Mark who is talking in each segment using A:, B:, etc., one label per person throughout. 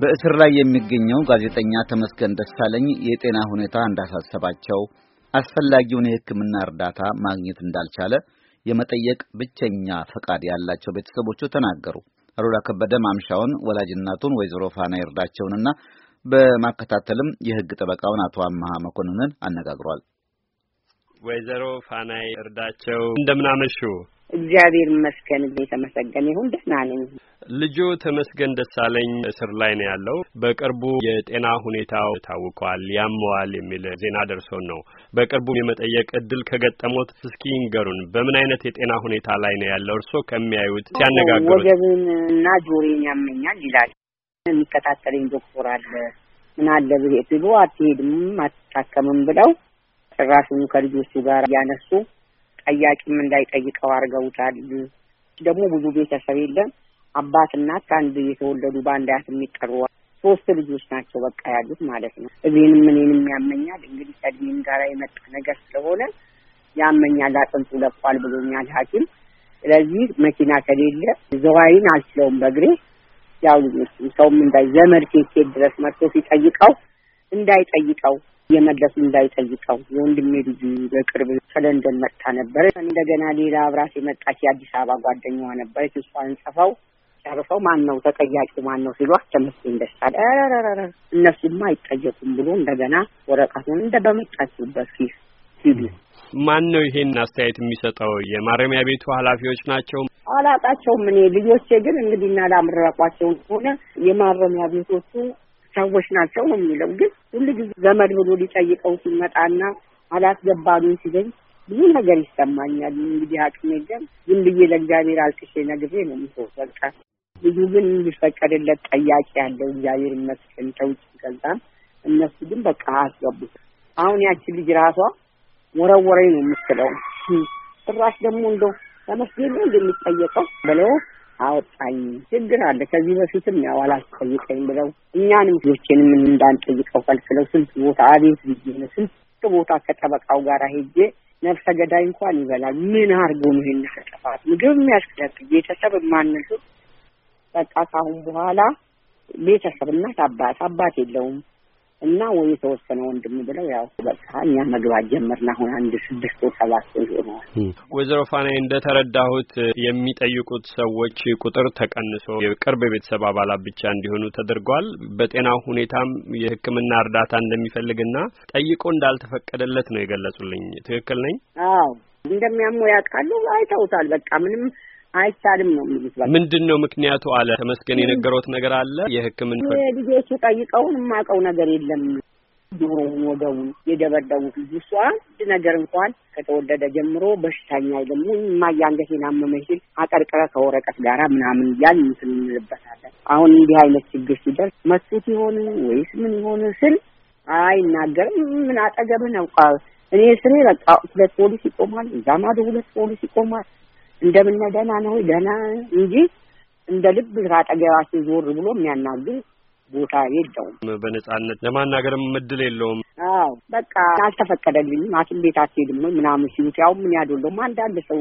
A: በእስር ላይ የሚገኘው ጋዜጠኛ ተመስገን ደሳለኝ የጤና ሁኔታ እንዳሳሰባቸው አስፈላጊውን የሕክምና እርዳታ ማግኘት እንዳልቻለ የመጠየቅ ብቸኛ ፈቃድ ያላቸው ቤተሰቦቹ ተናገሩ። አሉላ ከበደ ማምሻውን ወላጅናቱን ወይዘሮ ፋና ይርዳቸውንና በማከታተልም የህግ ጠበቃውን አቶ አመሃ መኮንንን አነጋግሯል።
B: ወይዘሮ ፋናይ እርዳቸው እንደምናመሹ
C: እግዚአብሔር ይመስገን የተመሰገነ ይሁን ደህና ነኝ።
B: ልጆ ተመስገን ደሳለኝ እስር ላይ ነው ያለው። በቅርቡ የጤና ሁኔታው ታውቋል፣ ያመዋል የሚል ዜና ደርሶን ነው በቅርቡ የመጠየቅ እድል ከገጠሞት እስኪ ይንገሩን። በምን አይነት የጤና ሁኔታ ላይ ነው ያለው? እርስዎ ከሚያዩት ሲያነጋግሩት።
C: ወገብን እና ጆሬን ያመኛል ይላል። የሚከታተለኝ ዶክተር አለ። ምን አለ ብሎ አትሄድም አትታከምም ብለው ጭራሹን ከልጆቹ ጋር እያነሱ? ጠያቂም እንዳይጠይቀው አድርገውታል። ደግሞ ብዙ ቤተሰብ የለም። አባት እናት ከአንድ የተወለዱ በአንድ አያት የሚጠሩ ሶስት ልጆች ናቸው በቃ ያሉት ማለት ነው። እዚህንም እኔንም ያመኛል። እንግዲህ ከእድሜም ጋር የመጣ ነገር ስለሆነ ያመኛል፣ አጥንቱ ለፏል ብሎኛል ሐኪም። ስለዚህ መኪና ከሌለ ዘዋይን አልችለውም በእግሬ ያው ልጆች ሰውም እንዳይ ዘመድ ኬኬ ድረስ መጥቶ ሲጠይቀው እንዳይጠይቀው የመለስ እንዳይጠይቀው የወንድሜ ልጅ በቅርብ ከለንደን መጥታ ነበረ። እንደገና ሌላ አብራት የመጣች የአዲስ አበባ ጓደኛዋ ነበረች። እሷን ጽፈው ጨርሰው ማን ነው ተጠያቂው ማን ነው ሲሉ ተመስገን ደስታ ረረረረ እነሱማ አይጠየቁም ብሎ እንደገና ወረቀቱን እንደ በመጣችበት ፊት
B: ሲሉ ማን ነው ይሄን አስተያየት የሚሰጠው? የማረሚያ ቤቱ ኃላፊዎች ናቸው።
C: አላጣቸውም። እኔ ልጆቼ ግን እንግዲህ እና ላምረቋቸውን ሆነ የማረሚያ ቤቶቹ ሰዎች ናቸው ነው የሚለው። ግን ሁሉ ጊዜ ዘመድ ብሎ ሊጠይቀው ሲመጣና አላስገባሉን ሲገኝ ብዙ ነገር ይሰማኛል። እንግዲህ አቅሜ ግን ዝም ብዬ ለእግዚአብሔር አልቅሼ ነግሬ ነው ምሆ በቃ ብዙ ግን እንዲፈቀድለት ጠያቂ ያለው እግዚአብሔር ይመስገን ከውጭ ከዛም እነሱ ግን በቃ አስገቡት። አሁን ያቺ ልጅ ራሷ ወረወረኝ ነው የምትለው። ጭራሽ ደግሞ እንደው ተመስገን ነው እንደሚጠየቀው ብለው አወጣኝ። ችግር አለ። ከዚህ በፊትም ያው አላስጠይቀኝ ብለው እኛንም ልጆቼንም እንዳንጠይቀው ከልክለው ስንት ቦታ አቤት ብዬ ስንት ቦታ ከጠበቃው ጋር ሄጄ ነፍሰ ገዳይ እንኳን ይበላል። ምን አድርጎ ነው ይሄን ያጠፋት? ምግብ የሚያስክለብ ቤተሰብ የማንሱ በቃ ካሁን በኋላ ቤተሰብ እናት አባት አባት የለውም እና ወይ የተወሰነ ወንድም ብለው ያው በቃ እኛ መግባት ጀመርን። አሁን አንድ ስድስት ሰባት ወር ሆነዋል።
B: ወይዘሮ ፋናይ እንደተረዳሁት የሚጠይቁት ሰዎች ቁጥር ተቀንሶ የቅርብ የቤተሰብ አባላት ብቻ እንዲሆኑ ተደርጓል። በጤና ሁኔታም የሕክምና እርዳታ እንደሚፈልግና ጠይቆ እንዳልተፈቀደለት ነው የገለጹልኝ። ትክክል ነኝ?
C: አዎ እንደሚያሙ ያውቃሉ፣ አይተውታል። በቃ ምንም አይቻልም ነው የሚሉት።
B: ምንድን ነው ምክንያቱ? አለ ተመስገን የነገሮት ነገር አለ የህክምና
C: ልጆቹ ጠይቀውን የማውቀው ነገር የለም ጆሮውን ወገቡን የደበደቡት ልጅ እሷ አንድ ነገር እንኳን ከተወለደ ጀምሮ በሽተኛ አይደለም። እማዬ አንገቴን ሲል አቀርቅረ ከወረቀት ጋራ ምናምን እያል ምስል እንልበታለን። አሁን እንዲህ አይነት ችግር ሲደርስ መቱት ይሆን ወይስ ምን ይሆን ስል አይናገርም። ምን አጠገብህ ነው እኔ ስሬ በቃ ሁለት ፖሊስ ይቆማል፣ እዛ ማዶ ሁለት ፖሊስ ይቆማል። እንደምን ደህና ነው ደህና እንጂ እንደ ልብ ከአጠገባችን ዞር ብሎ የሚያናግር ቦታ የለውም።
B: በነጻነት ለማናገርም እድል የለውም።
C: አዎ በቃ አልተፈቀደልኝም፣ ሐኪም ቤት አትሄድም ምናምን ሲሉት ያው ምን ያደለውም አንዳንድ ሰው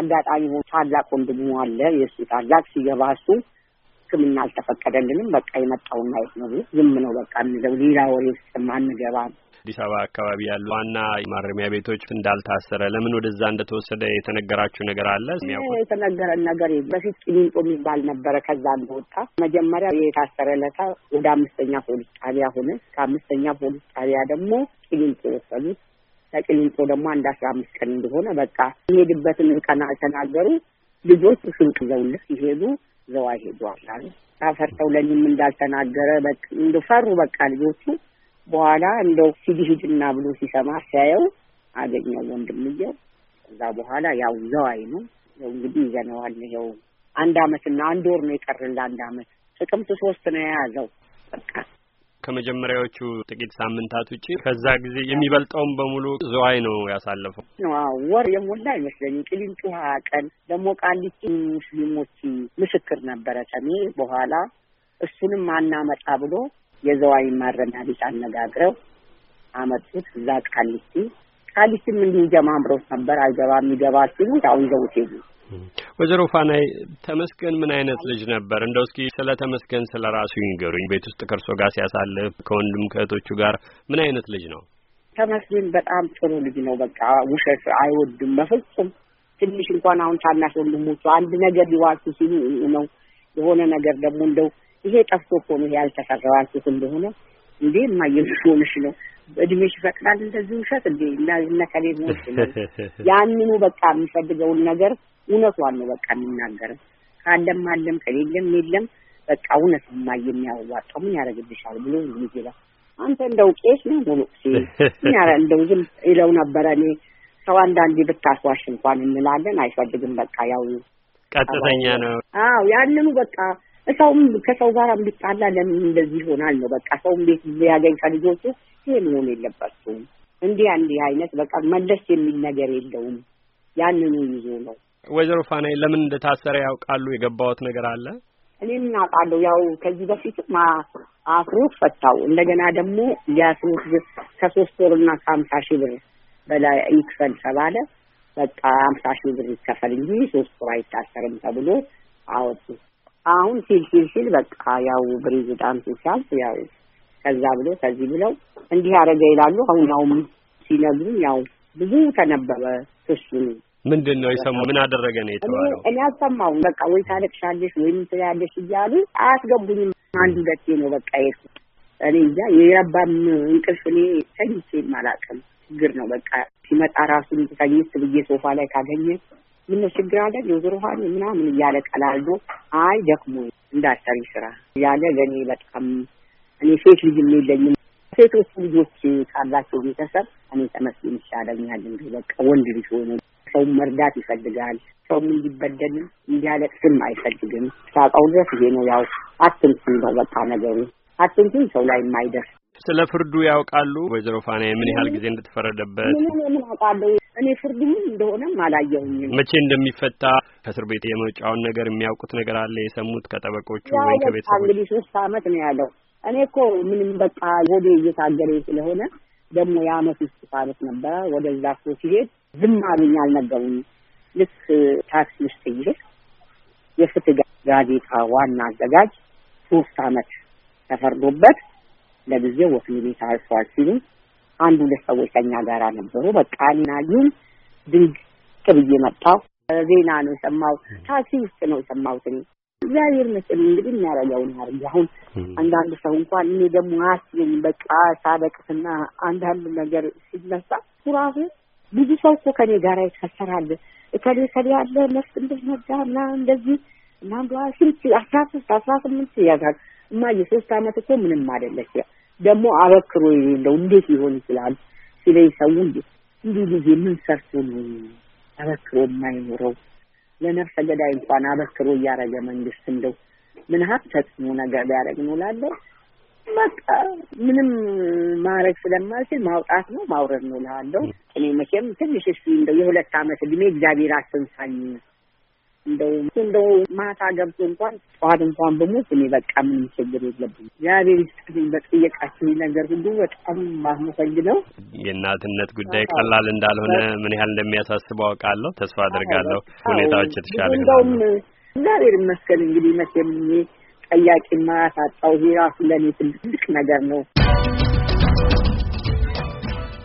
C: አጋጣሚ ሆኖ ታላቅ ወንድሙ አለ የእሱ ታላቅ ሲገባ እሱ ሕክምና አልተፈቀደልንም በቃ የመጣውን ማየት ነው ዝም ነው በቃ የሚለው ሌላ ወሬ ውስጥ አንገባም።
B: አዲስ አበባ አካባቢ ያሉ ዋና ማረሚያ ቤቶች እንዳልታሰረ ለምን ወደዛ እንደተወሰደ የተነገራችሁ ነገር አለ?
C: የተነገረን ነገር በፊት ቂሊንጦ የሚባል ነበረ። ከዛ እንደወጣ መጀመሪያ የታሰረ ለታ ወደ አምስተኛ ፖሊስ ጣቢያ ሆነ። ከአምስተኛ ፖሊስ ጣቢያ ደግሞ ቂሊንጦ ወሰዱት። ከቂሊንጦ ደግሞ አንድ አስራ አምስት ቀን እንደሆነ በቃ የሄድበትን ቀን አልተናገሩ። ልጆች ስንቅ ይዘውልህ ይሄዱ ዘዋ ይሄዱ አሉ አፈርተው ለኒም እንዳልተናገረ በቃ እንደፈሩ በቃ ልጆቹ በኋላ እንደው ሲዲ ሂድና ብሎ ሲሰማ ሲያየው አገኘው ወንድምየው። ከዛ በኋላ ያው ዘዋይ ነው ያው እንግዲህ ይዘነዋል። ይኸው አንድ አመትና አንድ ወር ነው የቀርን ለአንድ አመት። ጥቅምት ሶስት ነው የያዘው በቃ
B: ከመጀመሪያዎቹ ጥቂት ሳምንታት ውጪ ከዛ ጊዜ የሚበልጠውን በሙሉ ዝዋይ ነው ያሳለፈው።
C: ወር የሞላ አይመስለኝ። ቅሊንጦ ሀያ ቀን ደግሞ ቃሊቲ ሙስሊሞች ምስክር ነበረ ተሜ በኋላ እሱንም አናመጣ ብሎ የዘዋይ ማረሚያ ቤት አነጋግረው አመጡት። እዛ ቃሊቲ ቃሊቲም እንዲህ ጀማምሮት ነበር። አይገባም ይገባል ሲሉ አሁን ዘውት ሄዱ።
B: ወይዘሮ ፋናይ ተመስገን ምን አይነት ልጅ ነበር? እንደው እስኪ ስለ ተመስገን ስለ ራሱ ይንገሩኝ። ቤት ውስጥ ከእርሶ ጋር ሲያሳልፍ ከወንድም ከእህቶቹ ጋር ምን አይነት ልጅ ነው?
C: ተመስገን በጣም ጥሩ ልጅ ነው። በቃ ውሸት አይወድም በፍጹም። ትንሽ እንኳን አሁን ታናሽ ወንድሞቹ አንድ ነገር ሊዋሱ ሲሉ ነው የሆነ ነገር ደግሞ እንደው ይሄ ጠፍቶ እኮ ነው ያልተሰራው አልኩት እንደሆነ እንዴ የማየሽሆንሽ ነው እድሜሽ ይፈቅዳል እንደዚህ ውሸት እንዴ እና ነው ያንኑ በቃ የሚፈልገውን ነገር እውነቷን ነው በቃ የሚናገር ካለም አለም ከሌለም የለም በቃ እውነት የማየ የሚያዋጣው ምን ያደርግልሻል ብሎ ጊዜ አንተ እንደው ቄስ ነው ሙሉቅሴ ምን ያረ እንደው ዝም ይለው ነበረ። እኔ ሰው አንዳንዴ ብታስዋሽ እንኳን እንላለን አይፈልግም። በቃ ያው
B: ቀጥተኛ ነው።
C: አዎ ያንኑ በቃ ሰውም ከሰው ጋር ቢጣላ ለምን እንደዚህ ይሆናል ነው በቃ ሰውም ቤት ሊያገኝ ከልጆቹ ይሄ መሆን የለባቸውም። እንዲህ አንድ አይነት በቃ መለስ የሚል ነገር የለውም። ያንኑ ይዞ ነው።
B: ወይዘሮ ፋናይ ለምን እንደታሰረ ያውቃሉ? የገባዎት ነገር አለ?
C: እኔ ምን አውቃለሁ። ያው ከዚህ በፊትም አፍሮት ፈታው። እንደገና ደግሞ ሊያስሩት ከሶስት ወርና ከአምሳ ሺህ ብር በላይ ይክፈል ተባለ። በቃ አምሳ ሺህ ብር ይከፈል እንጂ ሶስት ወር አይታሰርም ተብሎ አወጡ። አሁን ሲል ሲል ሲል በቃ ያው ፕሬዚዳንቱ ሲያልፍ ያው ከዛ ብሎ ከዚህ ብለው እንዲህ አደረገ ይላሉ። አሁን ያው ሲነግሩም ያው ብዙ ተነበበ ክሱን
B: ምንድን ነው የሰሙ? ምን አደረገ ነው የተባለው?
C: እኔ አልሰማሁም። በቃ ወይ ታለቅሻለሽ ወይም ትያለሽ እያሉ አያስገቡኝም። አንድ ሁለቴ ነው በቃ የሄድኩ እኔ እዛ የረባም እንቅልፍ እኔ ተኝቼም አላውቅም። ችግር ነው በቃ ሲመጣ ራሱ ተኝት ብዬ ሶፋ ላይ ካገኘ ምን ችግር አለ የወይዘሮ ሀኒ ምናምን እያለ ቀላልዶ አይ ደክሞ እንዳሰሪ ስራ ያለ ለእኔ በጣም እኔ ሴት ልጅ የለኝም። ሴቶቹ ልጆች ካላቸው ቤተሰብ እኔ ተመስገን ይሻለኛል። እንግዲህ በቃ ወንድ ልጅ ሆኖ ሰው መርዳት ይፈልጋል። ሰውም እንዲበደልም እንዲያለቅስም አይፈልግም። ሳውቀው ድረስ ይሄ ነው ያው አትንኩኝ ነው በቃ ነገሩ አትንኩኝ ሰው ላይ የማይደርስ
B: ስለ ፍርዱ ያውቃሉ? ወይዘሮ ፋና ምን ያህል ጊዜ እንደተፈረደበት?
C: ምን አውቃለሁ እኔ ፍርድ ምን እንደሆነም አላየሁኝም።
B: መቼ እንደሚፈታ ከእስር ቤት የመውጫውን ነገር የሚያውቁት ነገር አለ? የሰሙት ከጠበቆቹ ወይ ከቤተሰቦቹ? እንግዲህ
C: ሶስት አመት ነው ያለው። እኔ እኮ ምንም በቃ ወደ እየታገለ ስለሆነ ደግሞ የአመት ውስጥ አመት ነበረ። ወደዛ እኮ ሲሄድ ዝም አሉኝ፣ አልነገሩኝ። ልክ ታክሲ ውስጥ ይሄድ የፍትህ ጋዜጣ ዋና አዘጋጅ ሶስት አመት ተፈርዶበት ለጊዜው ወፍኒ ቤት አርፏል ሲሉ አንድ ሁለት ሰዎች ከኛ ጋር ነበሩ። በቃ እኔን አዩኝ። ድንግጥ ብዬ መጣሁ። ዜና ነው የሰማው። ታክሲ ውስጥ ነው የሰማሁት። እግዚአብሔር ይመስገን እንግዲህ የሚያደርገውን ያድርግ። አሁን አንዳንድ ሰው እንኳን እኔ ደግሞ አያስብኝ። በቃ ሳበቅስና አንዳንድ ነገር ሲነሳ ኩራፌ ብዙ ሰው እኮ ከኔ ጋር ይከሰራል። እከሌ እከሌ ያለ ነፍስ እንደነጋ እና እንደዚህ እና አንዱ አስራ ሶስት አስራ ስምንት ያዛል እማ የሶስት አመት እኮ ምንም አይደለች ደግሞ አበክሮ የሌለው እንዴት ሊሆን ይችላል ሲለኝ ሰው እንዲህ ልጅ ምን ሰርቶ ነው አበክሮ የማይኖረው ለነፍሰ ገዳይ እንኳን አበክሮ እያደረገ መንግስት እንደው ምን ሀብ ተጽዕኖ ነገር ሊያደርግ ነው ላለው በቃ ምንም ማድረግ ስለማልችል ማውጣት ነው ማውረድ ነው ላለው እኔ መቼም ትንሽ እስኪ እንደው የሁለት አመት እድሜ እግዚአብሔር አስንሳኝ እንደው እንደው ማታ ገብቶ እንኳን ጠዋት እንኳን በሞት እኔ በቃ ምንም ችግር የለብኝ። እግዚአብሔር ይስጥልኝ። በጠየቃችሁኝ ነገር ሁሉ በጣም ማመሰግነው።
B: የእናትነት ጉዳይ ቀላል እንዳልሆነ ምን ያህል እንደሚያሳስበው አውቃለሁ። ተስፋ አድርጋለሁ ሁኔታዎች የተሻለ
C: እንደውም እግዚአብሔር ይመስገን። እንግዲህ መቼም ጠያቂ ማያሳጣው ይሄ ራሱ ለእኔ ትልቅ ነገር ነው።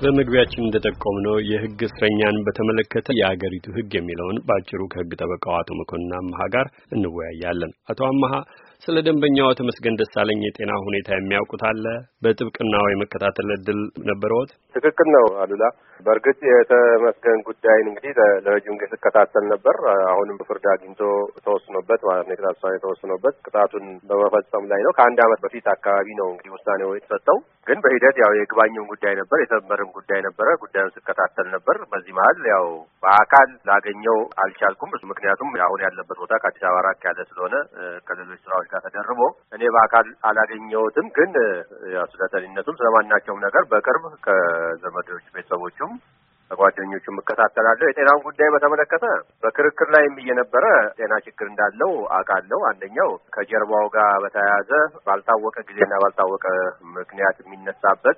B: በመግቢያችን እንደጠቆምነው የህግ እስረኛን በተመለከተ የአገሪቱ ህግ የሚለውን በአጭሩ ከህግ ጠበቃው አቶ መኮንን አመሀ ጋር እንወያያለን። አቶ አመሀ ስለ ደንበኛው ተመስገን ደሳለኝ የጤና ሁኔታ የሚያውቁት አለ? በጥብቅና የመከታተል እድል ነበረዎት?
A: ትክክል ነው አሉላ። በእርግጥ የተመስገን ጉዳይን እንግዲህ ለረጅም ጊዜ ስከታተል ነበር። አሁንም በፍርድ አግኝቶ ተወስኖበት ማለት ነው የቅጣት ውሳኔ ተወስኖበት ቅጣቱን በመፈጸም ላይ ነው። ከአንድ አመት በፊት አካባቢ ነው እንግዲህ ውሳኔው የተሰጠው። ግን በሂደት ያው የይግባኙን ጉዳይ ነበር፣ የተመርም ጉዳይ ነበረ። ጉዳዩን ስከታተል ነበር። በዚህ መሀል ያው በአካል ላገኘው አልቻልኩም። ምክንያቱም አሁን ያለበት ቦታ ከአዲስ አበባ ራቅ ያለ ስለሆነ ከሌሎች ስራዎች ጋር ተደርቦ እኔ በአካል አላገኘሁትም። ግን ስለተኒነቱም ስለማናቸውም ነገር በቅርብ ዘመዶች ቤተሰቦቹም በጓደኞቹም እከታተላለሁ። የጤናውን ጉዳይ በተመለከተ በክርክር ላይም እየነበረ ጤና ችግር እንዳለው አውቃለሁ። አንደኛው ከጀርባው ጋር በተያያዘ ባልታወቀ ጊዜና ባልታወቀ ምክንያት የሚነሳበት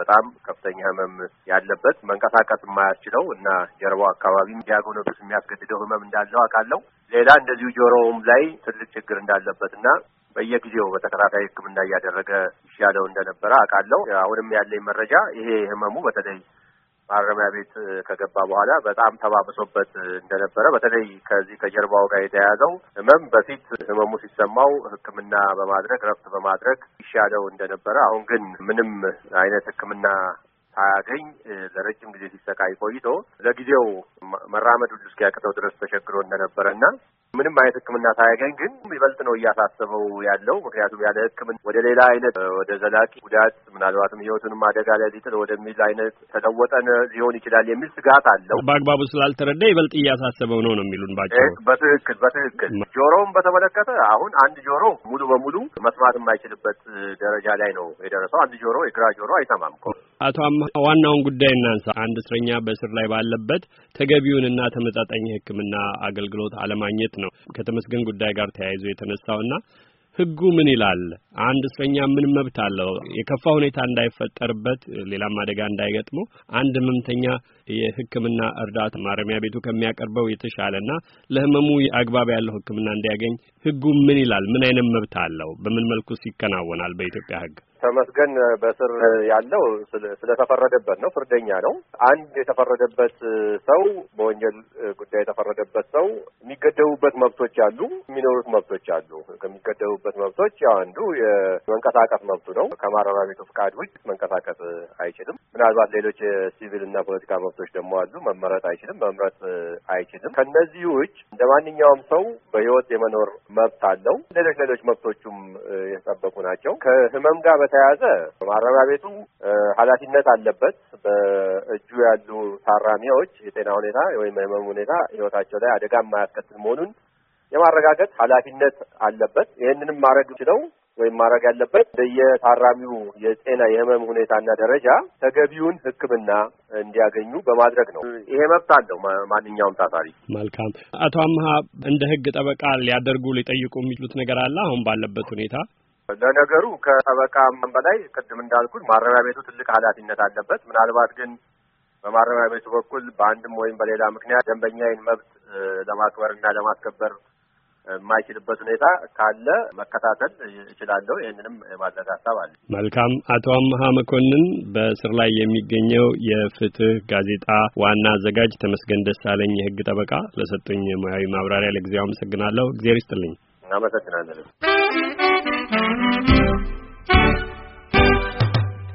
A: በጣም ከፍተኛ ሕመም ያለበት መንቀሳቀስ የማያስችለው እና ጀርባው አካባቢም ዲያጎኖሲስ የሚያስገድደው ሕመም እንዳለው አውቃለሁ። ሌላ እንደዚሁ ጆሮውም ላይ ትልቅ ችግር እንዳለበት እና በየጊዜው በተከታታይ ሕክምና እያደረገ ያለው እንደነበረ አውቃለሁ። አሁንም ያለኝ መረጃ ይሄ ህመሙ በተለይ ማረሚያ ቤት ከገባ በኋላ በጣም ተባብሶበት እንደነበረ በተለይ ከዚህ ከጀርባው ጋር የተያያዘው ህመም በፊት ህመሙ ሲሰማው ሕክምና በማድረግ ረፍት በማድረግ ይሻለው እንደነበረ፣ አሁን ግን ምንም አይነት ሕክምና ሳያገኝ ለረጅም ጊዜ ሲሰቃይ ቆይቶ ለጊዜው መራመድ ሁሉ እስኪያቅተው ድረስ ተቸግሮ እንደነበረ እና ምንም አይነት ሕክምና ሳያገኝ ግን ይበልጥ ነው እያሳሰበው ያለው። ምክንያቱም ያለ ሕክምና ወደ ሌላ አይነት ወደ ዘላቂ ጉዳት ምናልባትም ህይወቱንም አደጋ ላይ ሊጥል ወደሚል አይነት ተለወጠን ሊሆን ይችላል የሚል ስጋት አለው።
B: በአግባቡ ስላልተረዳ ይበልጥ እያሳሰበው ነው ነው የሚሉን ባቸው።
A: በትክክል በትክክል ጆሮውን በተመለከተ አሁን አንድ ጆሮ ሙሉ በሙሉ መስማት የማይችልበት ደረጃ ላይ ነው የደረሰው። አንድ ጆሮ የግራ ጆሮ አይሰማም።
B: አቶ አማ ዋናውን ጉዳይ እናንሳ። አንድ እስረኛ በእስር ላይ ባለበት ተገቢውንና ተመጣጣኝ ህክምና አገልግሎት አለማግኘት ነው ከተመስገን ጉዳይ ጋር ተያይዞ የተነሳውና ህጉ ምን ይላል? አንድ እስረኛ ምን መብት አለው? የከፋ ሁኔታ እንዳይፈጠርበት፣ ሌላም አደጋ እንዳይገጥመው አንድ ህመምተኛ የህክምና እርዳታ ማረሚያ ቤቱ ከሚያቀርበው የተሻለና ለህመሙ አግባብ ያለው ህክምና እንዲያገኝ ህጉ ምን ይላል? ምን አይነት መብት አለው? በምን መልኩስ ይከናወናል በኢትዮጵያ ህግ
A: ተመስገን በስር ያለው ስለተፈረደበት ነው። ፍርደኛ ነው። አንድ የተፈረደበት ሰው በወንጀል ጉዳይ የተፈረደበት ሰው የሚገደቡበት መብቶች አሉ፣ የሚኖሩት መብቶች አሉ። ከሚገደቡበት መብቶች ያው አንዱ የመንቀሳቀስ መብቱ ነው። ከማረሚያ ቤቱ ፍቃድ ውጭ መንቀሳቀስ አይችልም። ምናልባት ሌሎች የሲቪል እና ፖለቲካ መብቶች ደግሞ አሉ። መመረጥ አይችልም፣ መምረጥ አይችልም። ከነዚህ ውጭ እንደ ማንኛውም ሰው በህይወት የመኖር መብት አለው። ሌሎች ሌሎች መብቶቹም የተጠበቁ ናቸው። ከህመም ጋር በተያያዘ ማረሚያ ቤቱ ኃላፊነት አለበት። በእጁ ያሉ ታራሚዎች የጤና ሁኔታ ወይም የህመም ሁኔታ ህይወታቸው ላይ አደጋ የማያስከትል መሆኑን የማረጋገጥ ኃላፊነት አለበት። ይህንንም ማድረግ ችለው ወይም ማድረግ ያለበት በየታራሚው የጤና የህመም ሁኔታና ደረጃ ተገቢውን ሕክምና እንዲያገኙ በማድረግ ነው። ይሄ መብት አለው ማንኛውም ታሳሪ።
B: መልካም። አቶ አምሀ እንደ ህግ ጠበቃ ሊያደርጉ ሊጠይቁ የሚችሉት ነገር አለ አሁን ባለበት ሁኔታ
A: ለነገሩ ከጠበቃም በላይ ቅድም እንዳልኩት ማረሚያ ቤቱ ትልቅ ኃላፊነት አለበት። ምናልባት ግን በማረሚያ ቤቱ በኩል በአንድም ወይም በሌላ ምክንያት ደንበኛዬን መብት እና ለማስከበር የማይችልበት ሁኔታ ካለ መከታተል ይችላለሁ። ይህንንም የማድረግ ሀሳብ አለ።
B: መልካም። አቶ አመሀ መኮንን በስር ላይ የሚገኘው የፍትህ ጋዜጣ ዋና አዘጋጅ ተመስገን ደሳለኝ የህግ ጠበቃ ለሰጡኝ ሙያዊ ማብራሪያ ለጊዜው አመሰግናለሁ። እግዜር ይስጥልኝ። አመሰግናለሁ።
C: Thank you.